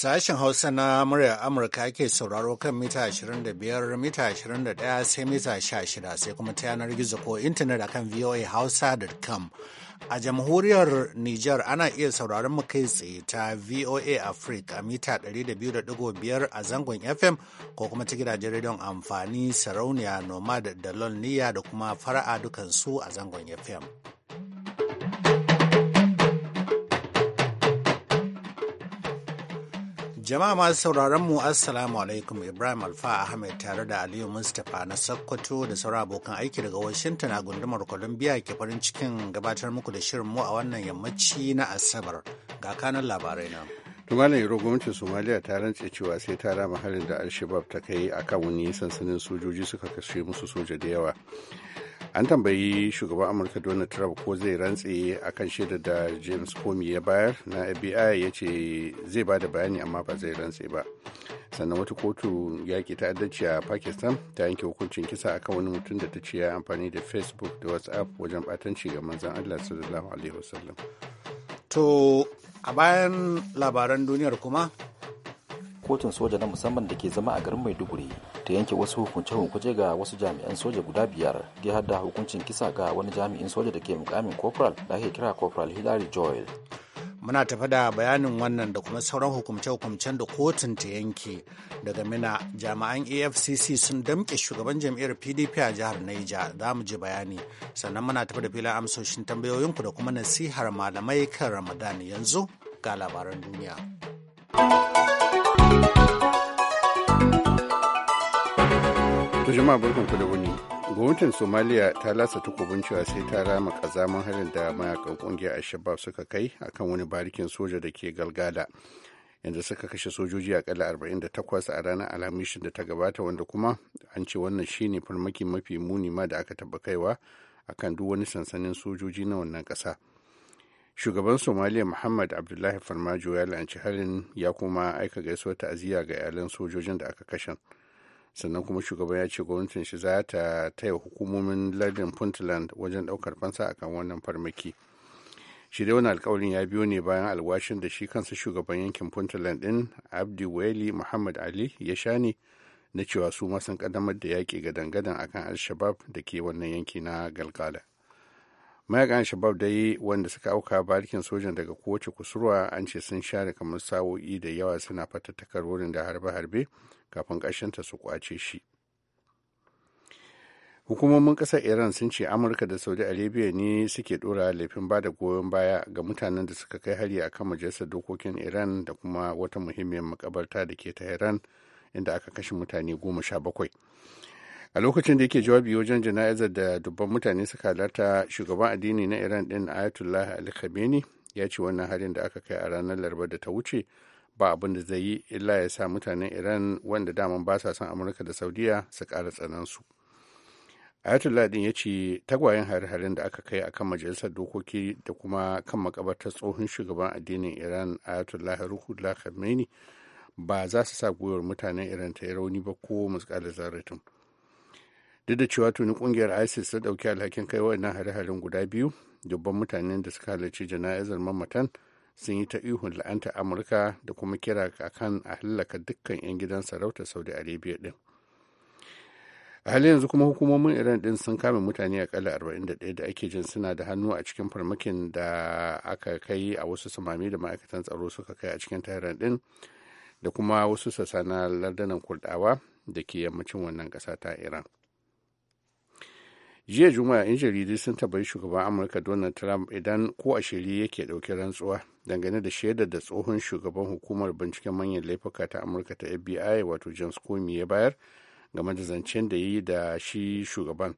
Sashen Hausa na muryar Amurka ke sauraro kan mita 25, mita 21 sai mita 16 sai kuma ta yanar gizo ko intanet akan voahausa.com. A jamhuriyar Nijar ana iya sauraron mu kai tsaye ta VOA Africa a mita 200.5 a zangon FM ko kuma ta gidajen rediyon amfani sarauniya nomad da lolniya da kuma fara'a dukansu a zangon FM. Jama'a masu sauraron mu Assalamu alaikum Ibrahim Alfa Ahmed tare da Aliyu Mustapha na Sokoto da sauran abokan aiki daga Washington a gundumar Columbia ke farin cikin gabatar muku da shirin mu a wannan yammaci na Asabar ga kanan labarai na. Tumalin Yaro gwamnatin somalia ta rantse cewa sai ta rama harin da al shabaab ta kai akan wani sansanin sojoji suka kashe musu soja da yawa. an tambayi shugaban amurka donald trump ko zai rantse a kan shaidar da james comey ya bayar na fbi ya ce zai ba da bayani amma ba zai rantse ba sannan wata kotu ya ke ta'addanci a pakistan ta yanke hukuncin kisa akan wani mutum da ta ce ya amfani da facebook da whatsapp wajen batanci ga manzan allah sallallahu alaihi wasallam to a bayan labaran duniyar kuma kotun soja na musamman da ke zama a garin maiduguri ta yanke wasu hukunce-hukunce ga wasu jami'an soja guda biyar da hada hukuncin kisa ga wani jami'in soja da ke mukamin corporal da ake kira corporal hilary joel muna tafi da bayanin wannan da kuma sauran hukumce-hukumcen da kotun ta yanke daga mina jami'an afcc sun damke shugaban jam'iyyar pdp a jihar naija za mu je bayani sannan muna tafi da filin amsoshin tambayoyinku da kuma nasihar malamai kan ramadan yanzu ga labaran duniya. jama'a barkanku da wuni. Gwamnatin Somaliya ta lasa takobin cewa sai ta rama kazaman harin da mayakan kungiyar alshabab suka kai akan wani barikin soja da ke Galgada. Yanzu suka kashe sojoji a akalla 48 a ranar Alhamis da ta gabata wanda kuma an ce wannan shine farmaki mafi muni ma da aka taba kaiwa akan duk wani sansanin sojoji na wannan kasa shugaban somaliya muhammad abdullahi farmajo ya la'anci harin ya kuma aika gaisuwar ta'aziyya ga iyalan sojojin da aka kashe sannan kuma shugaban ya ce gwamnatin shi za ta taya hukumomin lardin puntland wajen daukar fansa akan wannan farmaki shi dai wani alkawarin ya biyo ne bayan alwashin da shi kansa shugaban yankin puntland din abdi weli muhammad ali ya sha ne na cewa su ma sun kaddamar da yaƙi gadan-gadan akan al-shabab da ke wannan yanki na galgala mayakan shabab dai wanda suka auka barikin sojan daga kowace kusurwa an ce sun share kamar sa'o'i da yawa suna fatattakar wurin da harbe-harbe kafin ta su kwace shi hukumomin ƙasar iran sun ce amurka da saudi arabia ne suke ɗora laifin ba da goyon baya ga mutanen da suka kai hari a kan majalisar dokokin iran da kuma wata muhimmiyar makabarta da ke tehran inda aka kashe mutane goma sha bakwai a lokacin da yake jawabi wajen jana'izar da dubban mutane suka halarta shugaban addini na iran din ayatollah ali khamenei ya ce wannan harin da aka kai a ranar laraba da ta wuce ba abin da zai yi illa ya sa mutanen iran wanda daman ba sa son amurka da saudiya su ƙara tsanansu ayatollah din ya ce tagwayen hare-haren da aka kai akan majalisar dokoki da kuma kan makabartar tsohon shugaban addinin iran ayatollah ruhullah khamenei ba za su sa gwiwar mutanen iran ta yi rauni ba ko musƙalar zaratin duk da cewa tuni kungiyar isis ta ɗauki alhakin kai waɗannan hare-haren guda biyu dubban mutanen da suka halarci jana'izar mamatan sun yi ta ihun la'anta amurka da kuma kira akan a hallaka dukkan 'yan gidan sarauta saudi arabia din a halin yanzu kuma hukumomin iran din sun kame mutane a kala 41 da ake jin suna da hannu a cikin farmakin da aka kai a wasu samami da ma'aikatan tsaro suka kai a cikin tehran din da kuma wasu sassa na lardunan kurdawa da ke yammacin wannan kasa ta iran jiya juma'a yan jaridu sun tabbai shugaban amurka donald trump idan ko a shirye yake ɗauki rantsuwa dangane da shaidar da tsohon shugaban hukumar binciken manyan laifuka ta amurka ta fbi wato james comey ya bayar game da zancen da yi da shi shugaban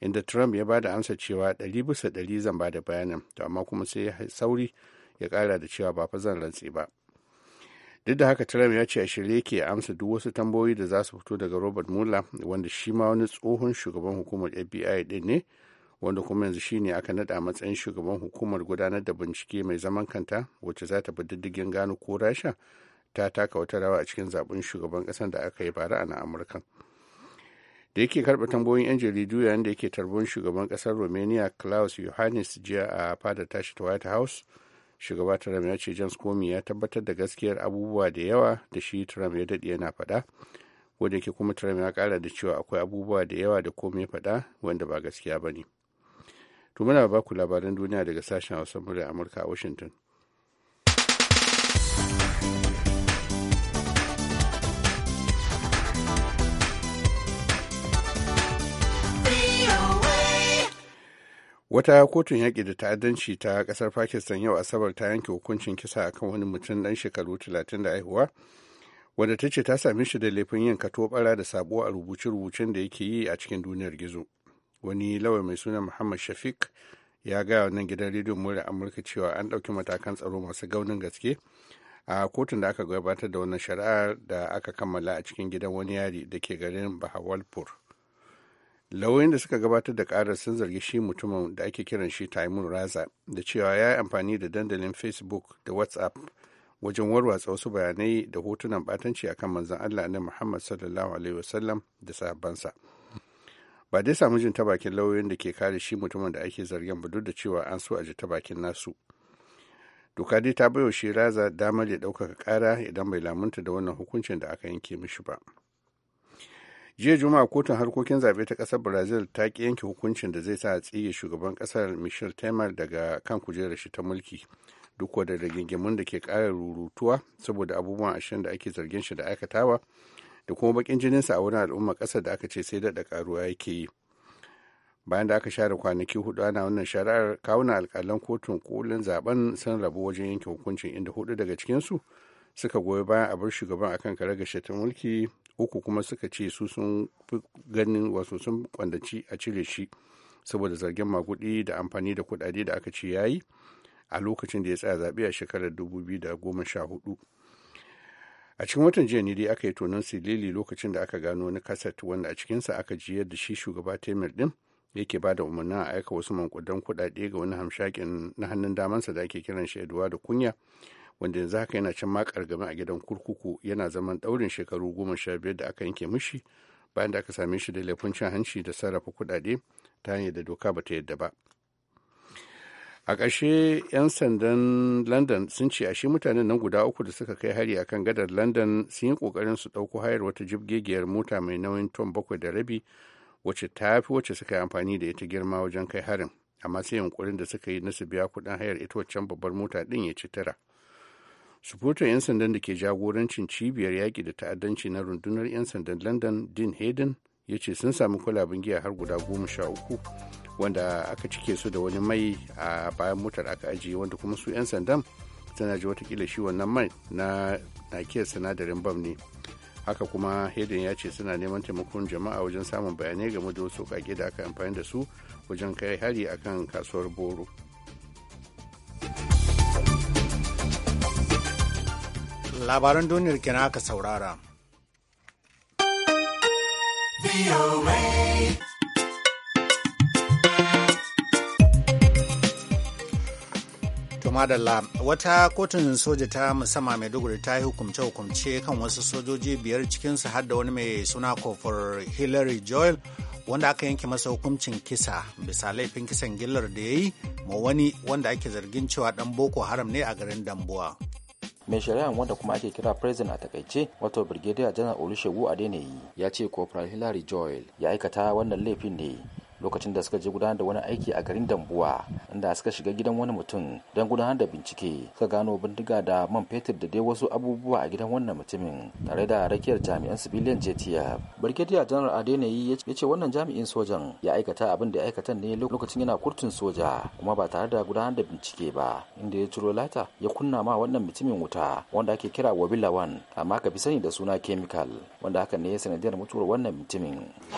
inda trump ya ba da amsa cewa ɗari bisa ɗari zan ba da bayanin to amma kuma sai sauri ya ƙara da cewa ba fa zan rantse ba duk da haka trump ya ce a shirye ke amsa duk wasu tambayoyi da za su fito daga robert mueller wanda shi ma wani tsohon shugaban hukumar fbi din ne wanda kuma yanzu shine aka nada matsayin shugaban hukumar gudanar da bincike mai zaman kanta wacce za ta bi diddigin gano ko rasha ta taka wata rawa a cikin zaben shugaban kasan da aka yi bara a na amurka da yake karɓa tambayoyin 'yan jaridu yayin da yake tarbon shugaban ƙasar romania klaus yohannes jiya a fadar tashi ta white house shugaba trump ya ce james comey ya tabbatar da gaskiyar abubuwa da yawa da shi trump ya daɗe yana faɗa wanda yake kuma trump ya kara da cewa akwai abubuwa da yawa da comey ya faɗa wanda ba gaskiya ba ne to muna ba ku labaran duniya daga sashen hausa murya amurka a washington wata kotun yaƙi da ta'addanci ta ƙasar pakistan yau asabar ta yanke hukuncin kisa a kan wani mutum ɗan shekaru talatin da haihuwa wanda ta ce ta same shi da laifin yin katobara da sabo a rubuce-rubucen da yake yi a cikin duniyar gizo wani lauya mai suna muhammad shafiq ya gaya wannan gidan rediyon mura amurka cewa an ɗauki matakan tsaro masu gaunin gaske a kotun da aka gabatar da wannan shari'a da aka kammala a cikin gidan wani yari da ke garin bahawalpur lauyoyin da suka gabatar da karar sun zargi shi mutumin da ake kiran shi taimun raza da cewa ya yi amfani da dandalin facebook da whatsapp wajen warwatsa wasu bayanai da hotunan batanci akan manzon allah na muhammad sallallahu alaihi wasallam da sa. ba dai samu jin ta bakin lauyoyin da ke kare shi mutumin da ake zargin ba duk da cewa an so a ji ta bakin nasu doka dai ta baiwa shi raza damar ya ɗaukaka ƙara idan bai lamunta da wannan hukuncin da aka yanke mishi ba jiya juma'a kotun harkokin zaɓe ta ƙasar brazil ta ƙi yanke hukuncin da zai sa a tsige shugaban ƙasar michel temer daga kan kujerar shi ta mulki duk da rigingimun da ke ƙara rurutuwa saboda abubuwan ashirin da ake zargin shi da aikatawa da kuma bakin jininsa a wurin al'umma ƙasar da aka ce sai daɗa ƙaruwa yake yi bayan da aka share kwanaki hudu ana wannan shari'ar kawuna alƙalan kotun kolin zaben sun rabu wajen yanke hukuncin inda hudu daga cikinsu suka goyi bayan a bar shugaban akan karagashe ta mulki uku kuma suka ce su sun fi ganin wasu sun kwandaci a cire shi saboda zargin magudi da amfani da kudade da aka ce yayi a lokacin da ya tsaya zaɓe a shekarar 2014 a cikin watan jiya ne dai aka yi tonon silili lokacin da aka gano wani kaset wanda a cikinsa aka ji yadda shi shugaba taimir din yake ba da umarnin a aika wasu mankudan kuɗaɗe ga wani hamshakin na hannun damansa da ake kiran shi eduwa da kunya wanda yanzu haka yana can makar game a gidan kurkuku yana zaman ɗaurin shekaru goma sha biyar da aka yanke mishi bayan da aka same shi da laifin cin hanci da sarrafa kuɗaɗe ta hanyar da doka ba ta yadda ba a ƙarshe 'yan sandan london sun ce ashe mutanen nan guda uku da suka kai hari akan gadar london sun yi ƙoƙarin su ɗauko hayar wata jibgegiyar mota mai nauyin ton bakwai da rabi wacce ta fi wacce suka yi amfani da ita girma wajen kai harin amma sai yunkurin da suka yi na su biya kuɗin hayar ita waccan babbar mota ɗin ya ci tara sufurtar 'yan sandan da ke jagorancin cibiyar yaƙi da ta'addanci na rundunar 'yan sandan london din hayden ya ce sun sami kwalaben giya har guda goma sha uku wanda aka cike su da wani mai a bayan motar aka ajiye wanda kuma su 'yan sandan tana ji watakila shi wannan mai na nakiyar sinadarin bam ne haka kuma hedin ya ce suna neman taimakon jama'a wajen samun bayanai game da wasu kage da aka amfani da su wajen kai hari a kan kasuwar boro labaran duniyar kenan aka saurara madalla wata kotun soja ta musamman maiduguri ta yi hukumce-hukumce kan wasu sojoji biyar cikinsu har da wani mai suna kofar hillary joel wanda aka yanke masa hukuncin kisa bisa laifin kisan gillar da ya yi ma wani wanda ake zargin cewa dan boko haram ne a garin dambuwa mai shari'an wanda kuma ake kira prison a takaice wato brigadier janar olusegun adeniyi ya ce corporal hillary joel ya aikata wannan laifin ne lokacin da suka je gudanar da wani aiki a garin dambuwa inda suka shiga gidan wani mutum don gudanar da bincike suka gano bindiga da man fetur da dai wasu abubuwa a gidan wannan mutumin tare da rakiyar jami'an civilian jtf brigadier general adeniyi ya ce wannan jami'in sojan ya aikata abin da ya aikata ne lokacin yana kurtun soja kuma ba tare da gudanar da bincike ba inda ya ciro lata ya kunna ma wannan mutumin wuta wanda ake kira wan amma ka fi sani da suna chemical wanda hakan ne ya sanadiyar mutuwar wannan mutumin.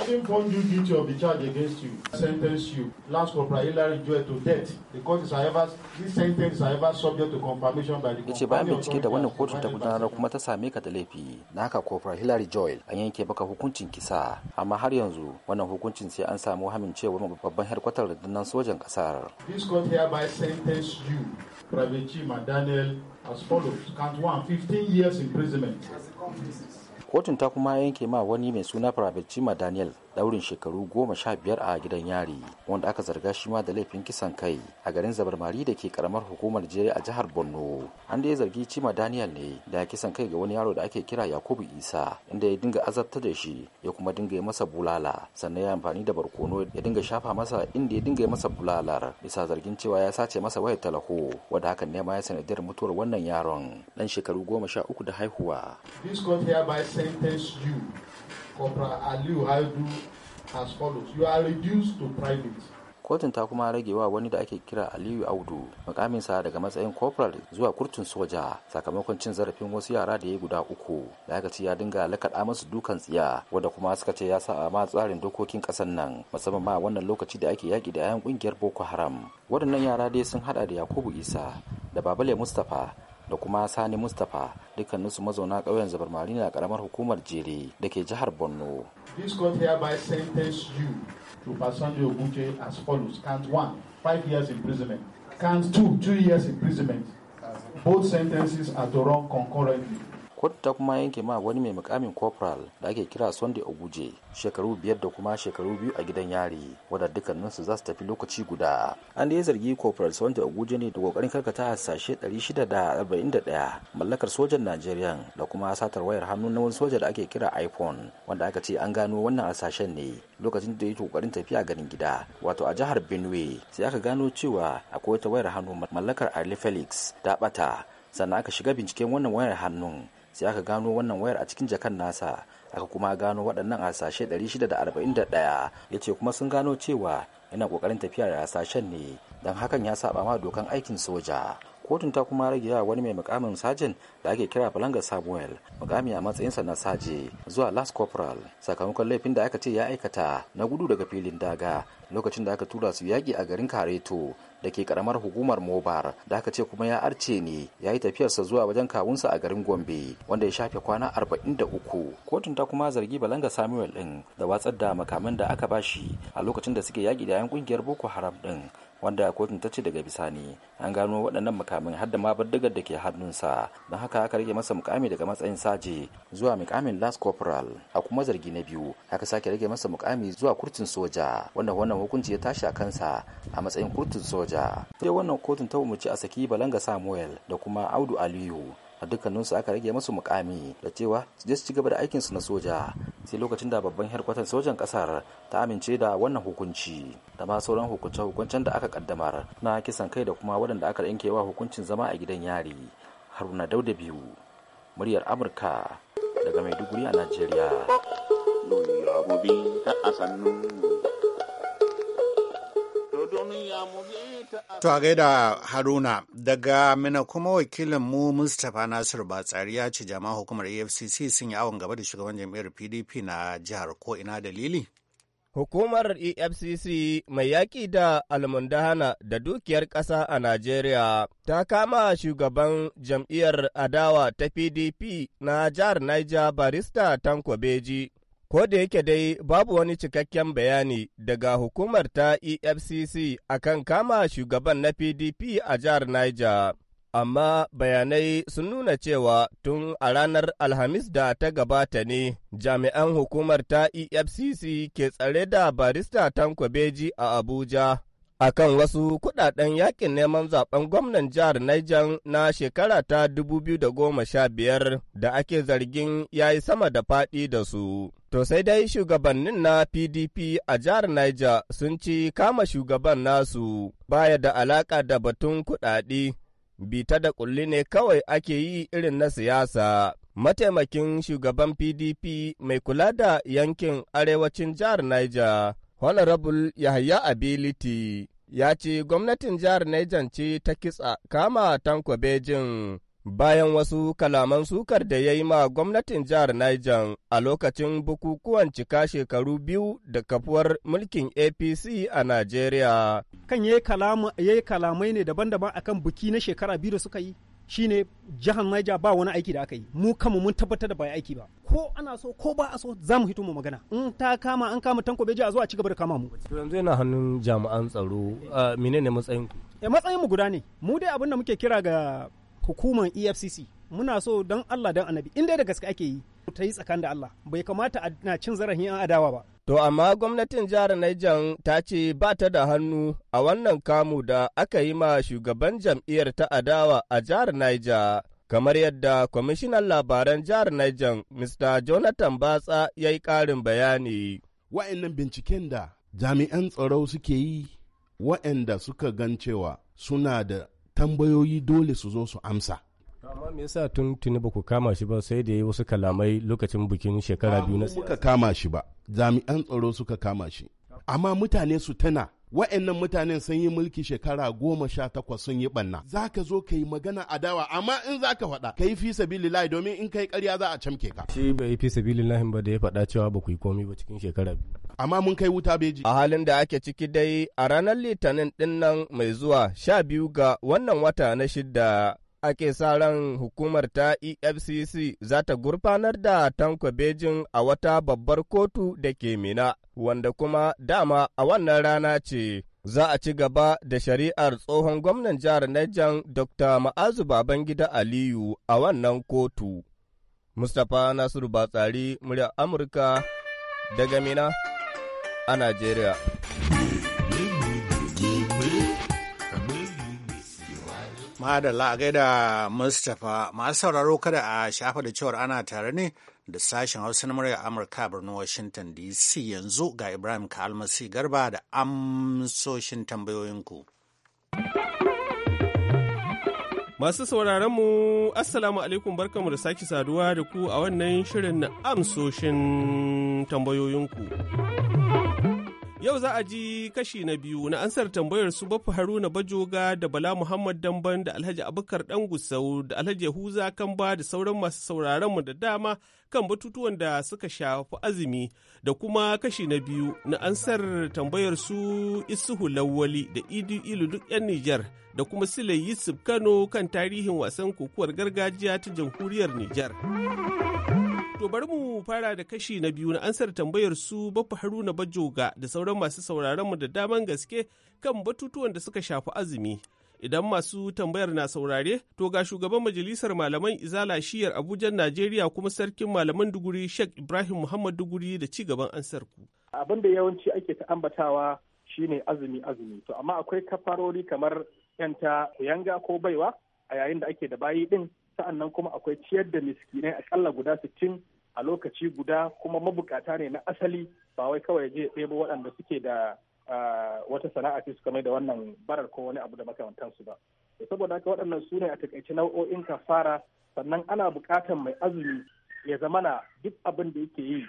didn't want you to of the charge against you, you, sentence you, Last Corporal Hillary Joy to death. The court is however, this sentence is however subject to confirmation by the Yace bayan bincike da wannan kotun ta gudanar kuma ta same ka da laifi. Na haka Corporal Hillary Joy an yanke baka hukuncin kisa, amma har yanzu wannan hukuncin sai an samu amincewar babban harkwatar rundunar sojan kasar. This court hereby sentence you, Private Chima Daniel, as follows. Count one, 15 years imprisonment. Kotun ta kuma yanke ma wani mai suna Private Chima Daniel daurin shekaru goma sha biyar a gidan yari wanda aka zarga shi ma da laifin kisan kai a garin zabarmari da ke karamar hukumar jere a jihar borno an da ya zargi cima daniel ne da kisan kai ga wani yaro da ake kira yakubu isa inda ya dinga azabta da shi ya kuma dinga masa bulala sannan ya amfani da barkono ya dinga shafa masa inda ya dinga masa bulalar bisa zargin cewa ya sace masa wayar talaho wanda hakan ne ma ya sanadiyar mutuwar wannan yaron dan shekaru goma sha uku da haihuwa. This court hereby sentence you Corporal Aliyu Haidu as follows. You are reduced to private. kotun ta kuma rage wa wani da ake kira aliyu audu mukaminsa daga matsayin corporal zuwa kurtun soja sakamakon cin zarafin wasu yara da ya guda uku da aka ce ya dinga lakaɗa masu dukan tsiya wanda kuma suka ce ya sa a ma tsarin dokokin ƙasar nan musamman ma wannan lokaci da ake yaƙi da 'yan ƙungiyar boko haram waɗannan yara dai sun haɗa da yakubu isa da babale mustapha da kuma sani mustapha dukkaninsu mazauna ƙauyen zabar marina a ƙaramar hukumar jere da ke jihar borno this court hereby sentence you to Basani Ogunje as follows count one five years imprisonment count two two years imprisonment both sentences are to run concurrently kotu ta kuma yanke ma wani mai mukamin corporal da ake kira sunday oguje shekaru biyar da kuma shekaru biyu a gidan yari wadda dukkaninsu za su tafi lokaci guda an dai zargi corporal sunday oguje ne da kokarin karkata hasashe 641 mallakar sojan najeriya da kuma satar wayar hannu na wani soja da ake kira iphone wanda aka ce an gano wannan hasashen ne lokacin da ya kokarin tafiya garin gida wato a jihar benue sai aka gano cewa akwai ta wayar hannu mallakar ali felix ta bata sannan aka shiga binciken wannan wayar hannun sai aka gano wannan wayar a cikin jakan nasa aka kuma gano waɗannan sashe 641 ya ce kuma sun gano cewa yana ƙoƙarin tafiya da hasashen ne don hakan ya saba ma dokan aikin soja kotun ta kuma rage wa wani mai mukamin sajin da ake kira falangar samuel mukami a matsayinsa na saje zuwa last corporal sakamakon laifin da aka ce ya aikata na gudu daga filin daga lokacin da aka tura su yaƙi a garin kareto da ke karamar hukumar mobar da aka ce kuma ya arce ne ya yi tafiyarsa zuwa wajen kawunsa a garin gombe wanda ya shafe kwana arba'in da uku kotun ta kuma zargi balanga samuel din da watsar da makaman da aka bashi a lokacin da suke yaƙi da yan kungiyar boko haram din wanda kotun ta ce daga bisani an gano waɗannan mukamin har da ma bindigar da ke hannunsa don haka aka rage masa mukami daga matsayin saje zuwa mukamin last corporal a kuma zargi na biyu aka sake rage masa mukami zuwa kurtin soja wanda wannan hukunci ya tashi a kansa a matsayin kurtin soja sai wannan kotun ta umarci a saki balanga samuel da kuma audu aliyu a dukkaninsu aka rage masu mukami da cewa su je su ci gaba da aikinsu na soja sai lokacin da babban harkwatan sojan kasar ta amince da wannan hukunci da ma sauran hukunce-hukuncen da aka kaddamar na kisan kai da kuma wadanda aka wa hukuncin zama a gidan yari haruna dauda biyu muryar amurka daga maiduguri a najeriya To a gaida Haruna daga Mina kuma wakilin mu Mustapha Nasir Batsari ya ce jama'a hukumar EFCC sun yi awon gaba da shugaban jam'iyyar PDP na jihar ko ina dalili. Hukumar EFCC mai yaƙi da almundahana da dukiyar ƙasa a Najeriya ta kama shugaban jam'iyyar adawa ta PDP na jihar Niger Barista Tanko Beji Ko da yake dai babu wani cikakken bayani daga hukumar ta EFCC akan kama shugaban na PDP a jihar Niger. Amma bayanai sun nuna cewa tun a ranar Alhamis da ta gabata ne jami'an hukumar ta EFCC ke tsare da barista Tanko Beji a Abuja akan wasu kudaden yakin neman zaben gwamnan jihar Niger na shekara ta 2015 da ake zargin ya yi sama da faɗi da su. To sai dai shugabannin na PDP a jihar Niger sun ci kama shugaban nasu baya da alaka da batun kuɗaɗe, bita da ƙulli ne kawai ake yi irin na siyasa. Mataimakin shugaban PDP mai kula da yankin arewacin jihar Niger, Honorable Yahya Ability, ya ce gwamnatin jihar Niger ce ta kitsa kama Tanko Bejin bayan wasu kalaman sukar da ya yi ma gwamnatin jihar Niger a lokacin bukukuwan cika shekaru biyu da kafuwar mulkin APC a Najeriya. Kan ya yi kalamai ne daban-daban a kan buki na shekara biyu da suka yi. shine jihar Niger ba wani aiki da aka yi mu kama mun tabbatar da ba aiki ba ko ana so ko ba a so za mu hito mu magana in ta kama an kama tanko je a zo a ci gaba da kama mu yanzu yana hannun jami'an tsaro ah, menene matsayin ku eh, matsayin mu guda ne mu dai abin da muke kira ga hukumar efcc muna so don allah don annabi inda da gaske ake yi ta yi tsakan da allah bai kamata a na cin zarafin yan adawa ba to amma gwamnatin jihar Niger ta ce ba ta da hannu a wannan kamu da aka yi ma shugaban jam'iyyar ta adawa a jihar Niger kamar yadda kwamishinan labaran jihar Niger Mr. Jonathan Batsa ya yi karin bayani. Wa'annan binciken da jami'an tsaro suke yi wa'anda suka gan cewa suna da tambayoyi dole su zo su amsa amma me yasa tun tuni ba ku kama shi ba sai da yi wasu kalamai lokacin bikin shekara biyu na siyasa kama shi ba jami'an tsaro suka kama shi amma mutane su tana wa'annan mutanen sun yi mulki shekara goma sha takwas sun yi banna za ka zo ka yi magana dawa amma in za ka faɗa ka yi fi lahi domin in ka yi ƙarya za a camke ka shi bai yi fi lahi ba da ya faɗa cewa ba ku yi komi ba cikin shekara biyu amma mun kai wuta beji a halin da ake ciki dai a ranar litinin dinnan mai zuwa sha biyu ga wannan wata na shidda ake sa ran hukumar ta EFCC za ta gurfanar da Tanko Bejin a wata babbar kotu da ke Mina, wanda kuma dama a wannan rana ce za a ci gaba da shari'ar tsohon gwamnan jihar Najan Dr. Ma'azu Babangida Aliyu a wannan kotu. Mustapha Nasiru Batsari, muryar Amurka daga Mina a Najeriya. madala a gaida Mustapha masu sauraro kada a shafa da cewar ana tare ne da sashen Hausa na murya Amurka birnin Washington DC yanzu ga Ibrahim Kalmasi Garba da amsoshin tambayoyinku. Masu sauraron mu Assalamu alaikum barkamu da sake saduwa da ku a wannan shirin amsoshin tambayoyinku. Yau za a ji kashi na biyu na ansar tambayar su Bafu Haruna Bajoga da Bala Muhammad Damban da Alhaji abukar Dan Gusau da Alhaji Yahuza Kamba da sauran masu sauraron mu da dama kan batutuwan da suka shafi azumi da kuma kashi na biyu na ansar tambayar su Isuhu Lawali da Idi Ilu duk 'yan Nijar da kuma Sile Yusuf Kano kan tarihin wasan kokuwar gargajiya ta jamhuriyar Nijar. To bari mu fara da kashi na biyu na ansar tambayar su Baffa Haruna Bajoga da sauran masu sauraron mu da daman gaske kan batutuwan da suka shafi azumi. Idan masu tambayar na saurare, to ga shugaban majalisar malaman Izala shiyar Abuja Najeriya kuma sarkin malaman Duguri Sheikh Ibrahim Muhammad Duguri da ci gaban ansar ku. Abin da yawanci ake ta ambatawa shine azumi azumi. To amma akwai kafarori kamar yanta yanga ko baiwa a yayin da ake da bayi din sa'annan kuma akwai ciyar da miskinai akalla guda sittin a lokaci guda kuma mabukata ne na asali ba wai kawai je ɗebo waɗanda suke da wata sana'a ce suka mai da wannan barar ko wani abu da makamantansu ba saboda haka waɗannan su ne a takaice nau'o'in kafara sannan ana buƙatar mai azumi ya zamana duk abin da yake yi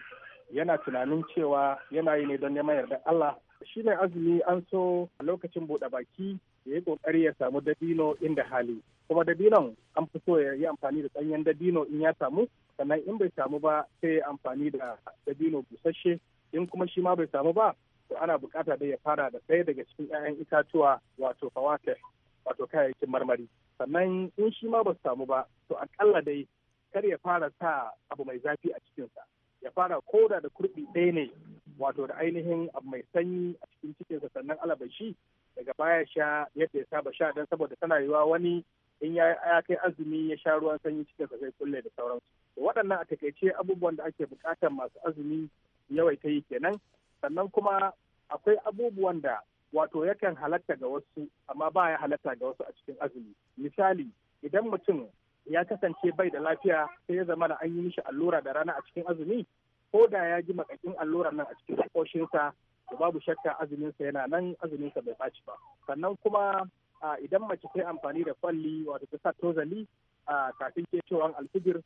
yana tunanin cewa yana yi ne don neman yarda Allah shi ne azumi an so a lokacin buɗe baki ya yi ƙoƙari ya samu dabino inda hali kuma dabinon an fi so ya yi amfani da ɗanyen dabino in ya samu sannan in bai samu ba sai ya amfani da dabino busasshe in kuma shi ma bai samu ba to ana bukata da ya fara da ɗaya daga cikin 'ya'yan itatuwa wato fawake wato kayayyakin marmari sannan in shi ma ba su samu ba to akalla dai kar ya fara sa abu mai zafi a cikinsa ya fara koda da kurbi ɗaya ne wato da ainihin abu mai sanyi a cikin cikinsa sannan alabashi daga baya sha yadda ya saba sha don saboda tana yiwa wani in ya kai azumi ya sha ruwan sanyi cike ka zai kulle da sauransu waɗannan a takaice abubuwan da ake buƙatar masu azumi yawaita yi kenan sannan kuma akwai abubuwan da wato yakan halatta ga wasu amma ba ya halatta ga wasu a cikin azumi misali idan mutum ya kasance bai da lafiya sai ya zama da an yi mishi allura da rana a cikin azumi ko da ya ji makakin allurar nan a cikin da babu shakka azuminsa yana nan azuminsa bai ɓaci ba sannan kuma Ah, idan mace ta yi amfani da kwalli wato ta sa tozali a ah, kafin kecewan alfijir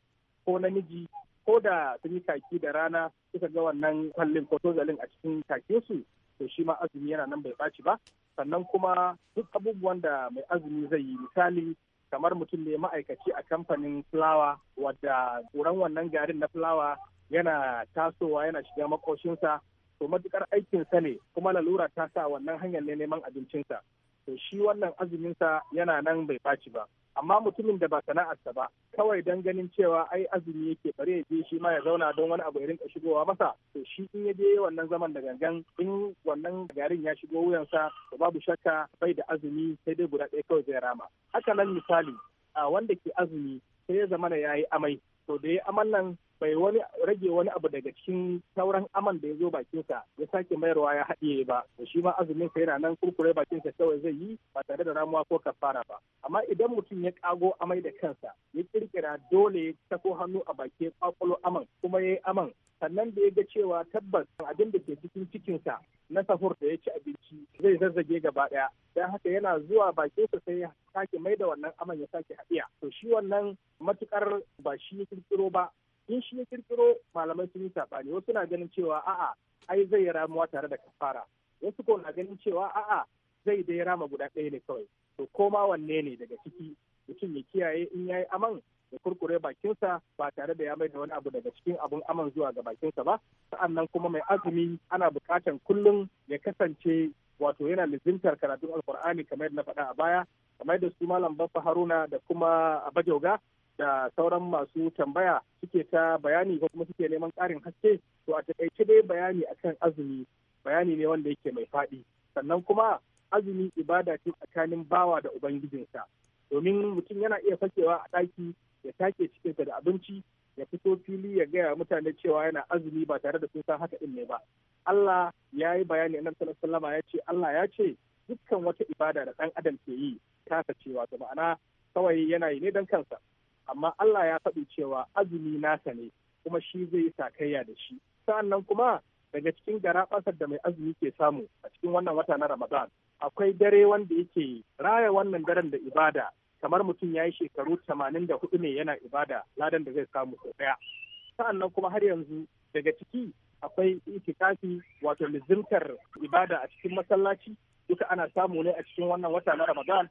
ko namiji ko da sun yi kaki da rana suka ga wannan kwallin ko tozalin a cikin kake su to shi ma azumi yana nan bai ɓaci ba sannan kuma duk abubuwan da mai azumi zai yi misali kamar mutum ne ma'aikaci a kamfanin fulawa wadda tsoron wannan garin na fulawa yana tasowa yana shiga makoshinsa to matukar aikinsa ne kuma lalura ta sa wannan hanyar ne neman abincinsa to shi wannan azuminsa yana nan bai ɓaci ba amma mutumin da ba sana'arsa ba kawai don ganin cewa ai azumi yake bare ya je shi ma ya zauna don wani abu ya rinka shigowa masa to shi in ya je wannan zaman da gangan in wannan garin ya shigo wuyansa to babu shakka bai da azumi sai dai guda ɗaya kawai zai rama haka nan misali a wanda ke azumi sai ya zamana ya yi amai to da ya aman bai wani rage wani abu daga cikin sauran aman da ya zo bakinsa ya sake mayarwa ya haɗiye ba to shi ma azumin sa yana nan kurkure bakinsa kawai zai yi ba tare da ramuwa ko kafara ba amma idan mutum ya kago amai da kansa ya kirkira dole ya tako hannu a baki kwakwalo aman kuma ya yi aman sannan da ya ga cewa tabbas abin da ke cikin cikinsa na sahur da ya ci abinci zai zazzage gaba ɗaya don haka yana zuwa bakinsa sai ya sake mai da wannan aman ya sake haɗiya to shi wannan matukar ba shi ya kirkiro ba in shi ya kirkiro malamai sun yi saɓani wasu na ganin cewa a'a ai zai ramuwa tare da kafara wasu ko na ganin cewa a'a zai dai rama guda ɗaya ne kawai to koma wanne ne daga ciki mutum ya kiyaye in ya yi aman ya kurkure bakinsa ba tare da ya mai da wani abu daga cikin abun aman zuwa ga bakinsa ba sa'annan kuma mai azumi ana buƙatan kullum ya kasance wato yana lizintar karatun alkur'ani kamar yadda na faɗa a baya kamar da su malam haruna da kuma abajoga da sauran masu tambaya suke ta bayani ko kuma suke neman ƙarin haske to a taƙaice dai bayani akan azumi bayani ne wanda yake mai faɗi sannan kuma azumi ibada ce tsakanin bawa da ubangijinsa domin mutum yana iya fakewa a ɗaki ya take cikinsa da abinci ya fito fili ya gaya mutane cewa yana azumi ba tare da sun san haka ɗin ne ba Allah ya yi bayani annabi sallallahu alaihi ya ce Allah ya ce dukkan wata ibada da ɗan adam ke yi ta cewa to ma'ana kawai yana yi ne dan kansa amma Allah ya faɗi cewa azumi nasa ne kuma shi zai sakayya da shi sa'annan kuma daga cikin garaɓasar da mai azumi ke samu a cikin wannan wata na Ramadan akwai dare wanda yake raya wannan daren da ibada kamar mutum ya yi shekaru tamanin da hudu ne yana ibada ladan da zai samu sau ɗaya sa'annan kuma har yanzu daga ciki akwai itikafi wato lizimtar ibada a cikin masallaci duka ana samu ne a cikin wannan wata na Ramadan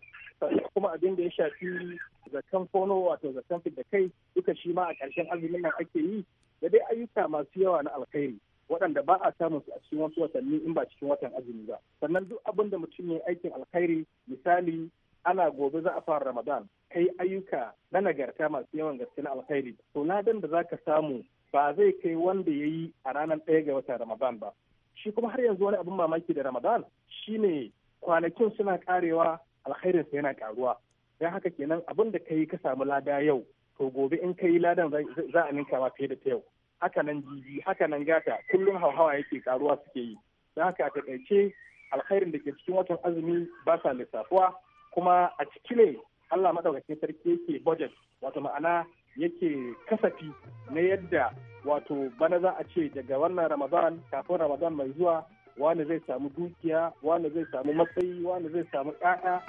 kuma abin da ya shafi zaton fono wato zaton fit da kai duka shi ma a ƙarshen azumin nan ake yi da dai ayyuka masu yawa na alkhairi waɗanda ba a samun su a cikin wasu watanni in ba cikin watan azumi ba sannan duk abin da mutum ya aikin alkhairi misali ana gobe za a fara ramadan kai ayyuka na nagarta masu yawan gaske na alkhairi to ladan da ka samu ba zai kai wanda ya yi a ranar ɗaya ga watan ramadan ba shi kuma har yanzu wani abin mamaki da ramadan shine kwanakin suna karewa alkhairin sa yana karuwa sai haka kenan abin da kai ka samu lada yau to gobe in kai ladan za a ninka ma fiye da ta yau haka nan jiji haka nan gata kullum hauhawa yake karuwa suke yi don haka a takaice alkhairin da ke cikin watan azumi ba sa lissafuwa kuma a ciki ne Allah madaukakin sarki yake budget wato ma'ana yake kasafi na yadda wato bana za a ce daga wannan ramadan kafin ramadan mai zuwa wani zai samu dukiya wani zai samu matsayi wani zai samu ƙa'a.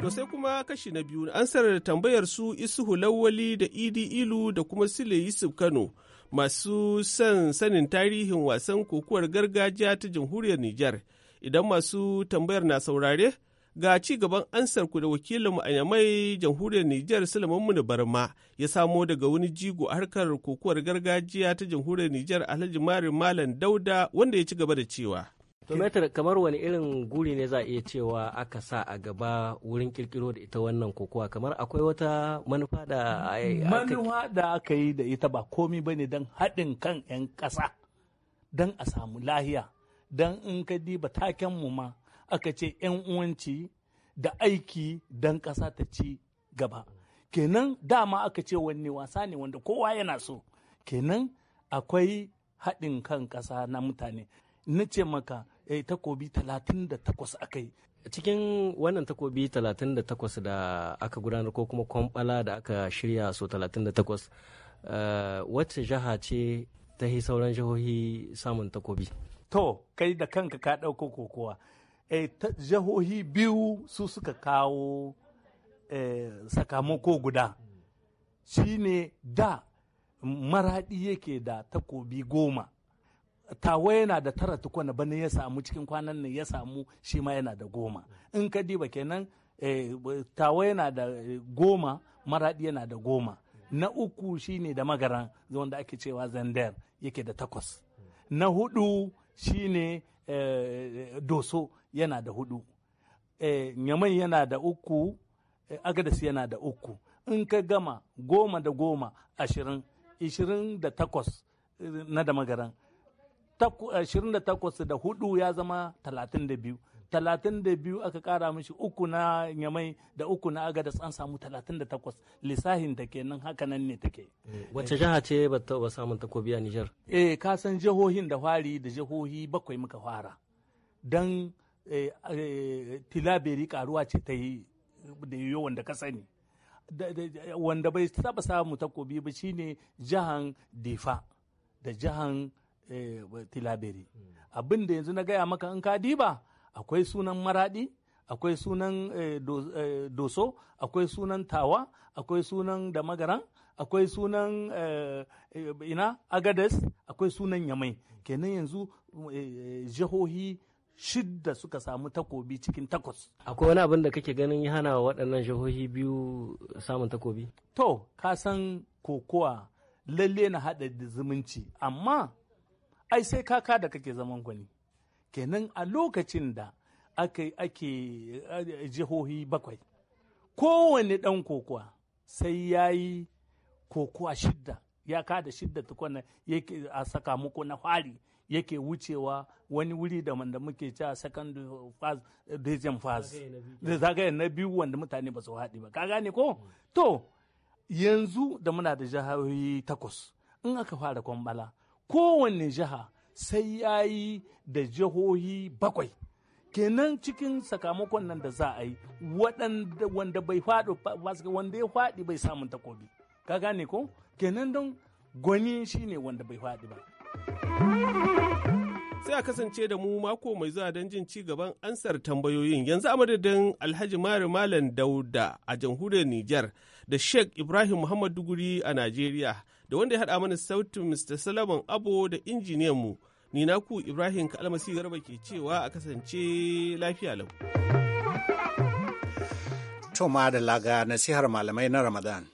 To sai kuma kashi na biyu an da tambayar su Isuhu Lawali da Idi Ilu da kuma Sile Yusuf Kano masu san sanin tarihin wasan kokuwar gargajiya ta jamhuriyar Nijar. Idan masu tambayar na saurare, Ga ci gaban ku da wakilinmu a Yamai jamhuriyar Nijar Sulaiman Barma ya samo daga wani jigo a harkar kokowar gargajiya ta jamhuriyar Nijar Alhaji Marin Malam Dauda wanda ya ci gaba da cewa. Tumetar kamar wani irin guri ne za a iya cewa aka sa a gaba wurin kirkiro da ita wannan kokowa kamar akwai wata manufa da manufa da aka yi da ita ba komi bane don haɗin kan 'yan ƙasa don a samu lahiya don in ka diba taken ma aka ce 'yan uwanci da aiki don ƙasa ta ci gaba kenan dama aka ce wanne wasa ne wanda kowa yana so kenan akwai haɗin kan ƙasa na mutane na ce maka eh, takobi 38 aka yi cikin wannan takobi 38 da aka gudanar ko kuma kwamɓala da aka shirya so 38 uh, eh, wacce jiha ce ta yi sauran jihohi samun takobi to kai da kanka ka ɗauko kokowa Eh, jihohi biyu su suka kawo eh, sakamako guda shine da maraɗi yake da takobi goma tawa yana da tara tukwana bane ya samu cikin kwanan nan ya samu shi ma yana da goma in ka diba kenan eh, tawa yana da goma maraɗi yana da goma na uku shine da magaran wanda ake cewa zander yake da takwas na hudu shine Eh, doso yana da hudu eh, nyamai yana da uku eh, agadas yana da uku in ka gama goma da goma ashirin ashirin da takwas na da magaran ashirin da takwas da hudu ya zama talatin da biyu talatin da biyu aka kara mishi uku na nyamai da uku na agadas an samu talatin da takwas lissahin ta nan haka nan ne take eh, wace jiha ce ba ta samun takobi a nijar eh ka san jihohin da fari da jihohi bakwai muka fara don eh, eh, tilaberi karuwa ce ta yi da yiwu wanda ka sani wanda bai taba samu takobi ba shine jihan difa da jihan tilaberi hmm. abinda yanzu na gaya maka in ka diba akwai sunan maradi akwai sunan eh, eh, doso akwai sunan tawa akwai sunan da magaran akwai sunan eh, ina agades akwai sunan yamai kenan yanzu jihohi shidda suka samu takobi cikin takwas. Akwai wani abin da kake ganin ya hana waɗannan jihohi biyu samun takobi? To, ka san kokowa lalle na haɗa zumunci, amma ai sai kaka da kake zaman kwani. kenan a lokacin da ake eh, jihohi bakwai kowane ɗan kokowa sai ya yi kokowa shidda ya kada shidda tukwana yake a saka muku na fari yake wucewa wani wuri da wanda muke ci a second phase region phase da zagaye na biyu wanda mutane ba su haɗi ba ka gane ko to yanzu da muna da jihohi takwas in aka fara kwambala kowane jiha sai ya yi da jihohi bakwai kenan cikin sakamakon nan da za a yi wanda bai wanda ya faɗi bai samun takobi ka gane ko kenan don gwani shine wanda bai faɗi ba sai a kasance da mu mako mai zuwa don jin ci gaban ansar tambayoyin yanzu a madadin alhaji mari malam dauda a jamhuriyar niger da sheikh ibrahim muhammad duguri a najeriya da wanda ya haɗa mana sautin Mr. Solomon Abo da injiniyanmu ni naku Ibrahim Kalmasi Garba ke cewa a kasance lafiya lau. To da laga nasihar malamai na Ramadan.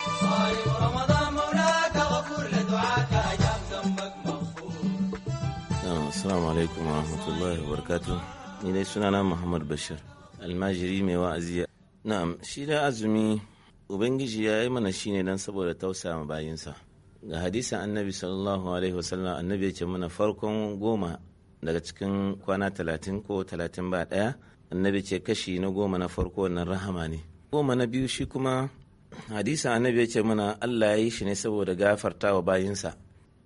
Ah, assalamu alaikum wa rahmatullahi wa barakatu. Ni dai sunana Muhammad Bashir, almajiri mai wa'azi. Na'am, shi da azumi ubangiji ya yi mana shine dan saboda tausaya bayinsa ga hadisin annabi sallallahu alaihi wasallam annabi ya ce mana farkon goma daga cikin kwana talatin ko talatin ba ɗaya annabi ce kashi na goma na farko wannan rahama ne goma na biyu shi kuma hadisin annabi ya ce mana allah ya yi shi ne saboda gafarta wa bayinsa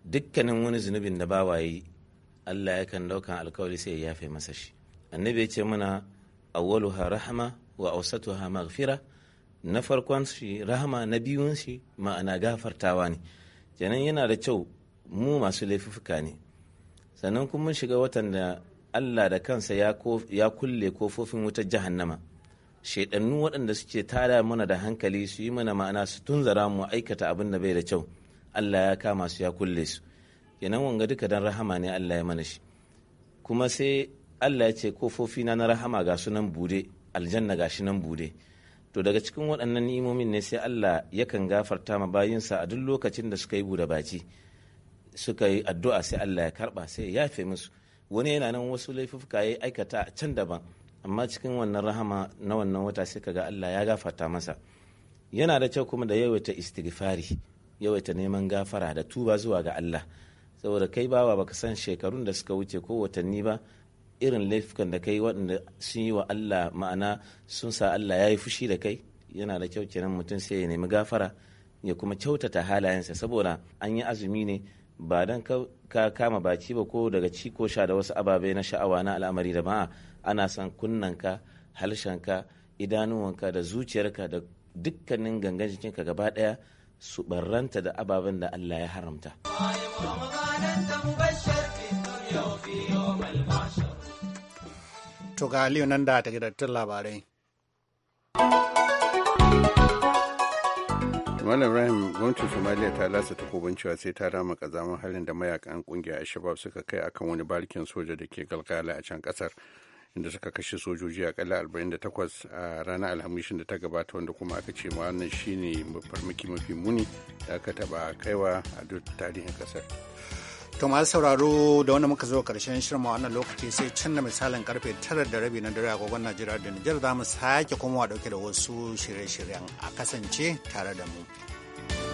dukkanin wani zunubin da bawa yi allah ya kan daukan alkawari sai ya yafe masa shi annabi ya ce mana awwaluha rahama wa ha maghfira na farkon shi rahama na biyun shi ma'ana gafartawa ne kenan yana da kyau mu masu laifuka ne sannan kuma mun shiga watan da Allah da kansa ya kulle kofofin wutar jahannama shaidannu waɗanda suke tada mana da hankali su yi mana ma'ana su tunzara mu aikata abin da bai da kyau Allah ya kama su ya kulle su kenan wanga duka dan rahama ne Allah ya mana shi kuma sai Allah ya ce kofofina na na rahama ga sunan bude aljanna ga shi nan bude to daga cikin waɗannan ni'imomin ne sai Allah yakan gafarta ma bayinsa a duk lokacin da suka yi buɗe baci suka yi addu'a sai Allah ya karɓa sai ya yafe musu wani yana nan wasu laifuka ya aikata a can daban amma cikin wannan rahama na wannan wata sai kaga Allah ya gafarta masa yana da kyau kuma da yawaita istighfari yawaita neman gafara da tuba zuwa ga Allah saboda kai bawa baka san shekarun da suka wuce ko watanni ba irin laifukan da kai waɗanda sun yi wa Allah ma'ana sun sa Allah ya yi fushi da kai yana da kyau kenan mutum sai ya nemi gafara ya kuma kyautata halayensa saboda an yi azumi ne ba don ka kama baki ba ko daga ci ko sha da wasu ababe na sha'awa na al'amari da ma'a ana son kunnanka halshenka idanuwanka da zuciyarka da dukkanin gangan jikinka gaba ɗaya su barranta da ababen da Allah ya haramta. To ga Aliyu nan da takardattun labarai. Malam Ibrahim gwamnatin Somalia ta lasa takobin cewa sai ta rama kazamin halin da mayakan kungiyar Shabab suka kai akan wani barikin soja da ke galgala a can kasar inda suka kashe sojoji a akalla 48 a ranar alhamishin da ta gabata wanda kuma aka ce wannan shine farmaki mafi muni da aka taba kaiwa a duk tarihin kasar. To masu sauraro da wanda muka zo karshen shirma wannan lokaci sai can da misalin karfe tara da rabi na dare agogon Najeriya da Nijar za mu sake wa dauke da wasu shirye-shiryen a kasance tare da mu.